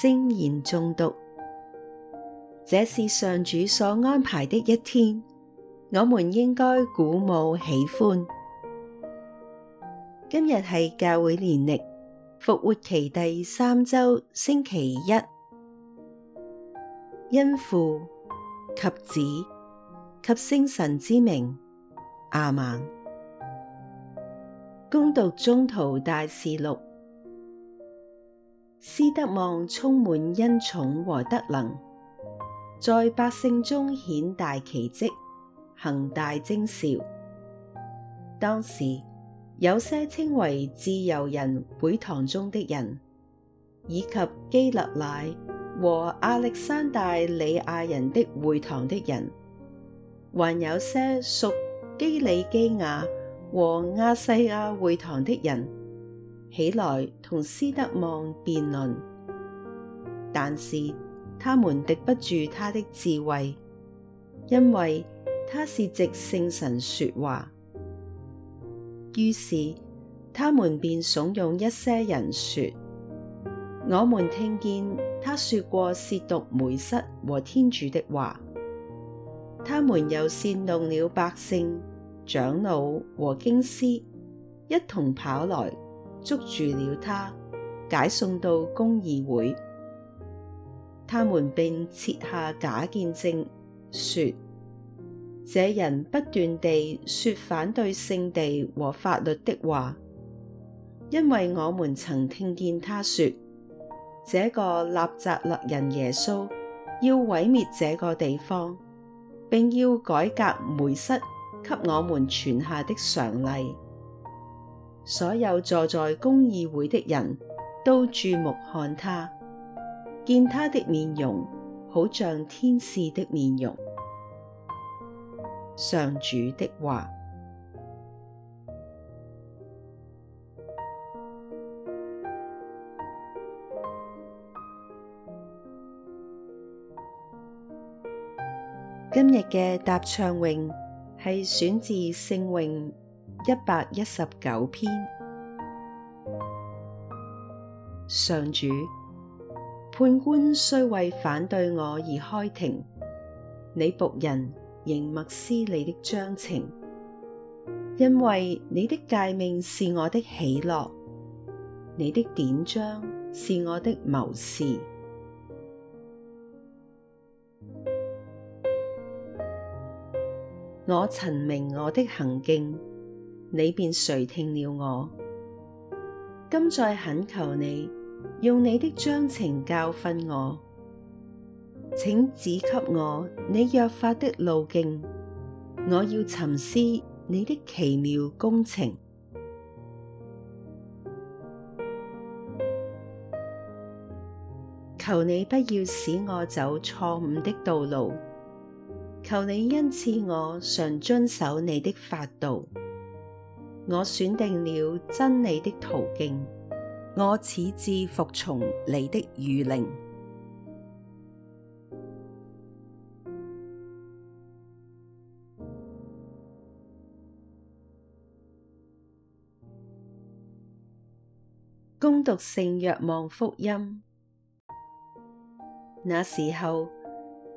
聖言誦讀，這是上主所安排的一天，我們應該鼓舞喜歡。今日係教會年曆復活期第三周星期一，因父及子及聖神之名阿孟，恭讀宗徒大事錄。斯德望充滿恩寵和德能，在百姓中顯大奇迹，行大徵兆。當時，有些稱為自由人會堂中的人，以及基勒乃和亞歷山大里亞人的會堂的人，還有些屬基里基亞和亞細亞會堂的人。起來同斯德望辯論，但是他們敵不住他的智慧，因為他是藉聖神說話。於是他們便慫恿一些人說：我們聽見他說過褻瀆梅瑟和天主的話。他們又煽動了百姓、長老和經師一同跑來。捉住了他，解送到公議會。他們並設下假見證，說：這人不斷地說反對聖地和法律的話，因為我們曾聽見他說：這個納匝肋人耶穌要毀滅這個地方，並要改革梅瑟，給我們傳下的常例。所有坐在公議會的人都注目看他，見他的面容好像天使的面容。上主的話：今日嘅答唱詠係選自聖詠。一百一十九篇，上主，判官雖為反對我而開庭，你僕人仍默思你的章程，因為你的誡命是我的喜樂，你的典章是我的謀士，我陳明我的行徑，你便垂聽了我，今再懇求你用你的章程教訓我，請指給我你約法的路徑，我要沉思你的奇妙工程。求你不要使我走錯誤的道路，求你恩賜我常遵守你的法度。我選定了真理的途徑，我矢志服從你的諭令。恭讀聖若望福音，那時候，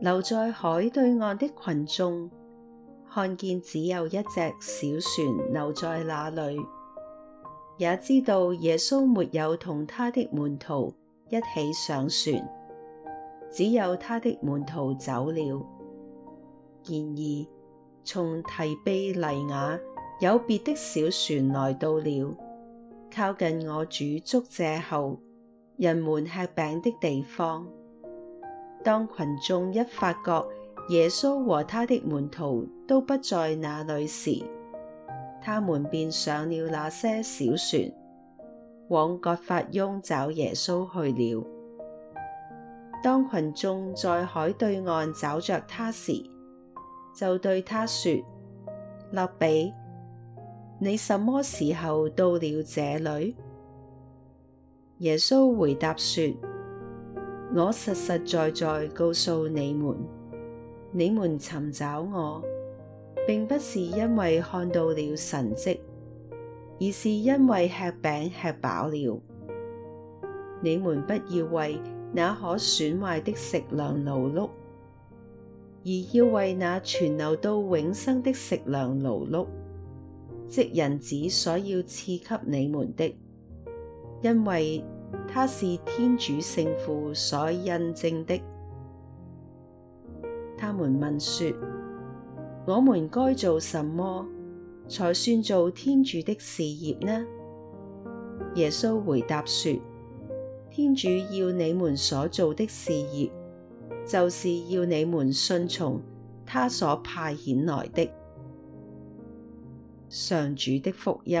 留在海對岸的群眾。看見只有一隻小船留在那裏，也知道耶穌沒有同他的門徒一起上船，只有他的門徒走了。然而，從提庇黎雅有別的小船來到了，靠近我主祝謝後，人們吃餅的地方。當群眾一發覺，耶穌和他的門徒都不在那裏時，他們便上了那些小船，往葛法翁找耶穌去了。當群眾在海對岸找着他時，就對他說：辣彼，你什麼時候到了這裏？耶穌回答說：我實實在在告訴你們。你們尋找我，並不是因為看到了神蹟，而是因為吃餅吃飽了。你們不要為那可損壞的食糧勞碌，而要為那存留到永生的食糧勞碌，即人子所要賜給你們的，因為他是天主聖父所印證的。他們問說：我們該做什麼才算做天主的事業呢？耶穌回答說：天主要你們所做的事業，就是要你們信從他所派遣來的。上主的福音。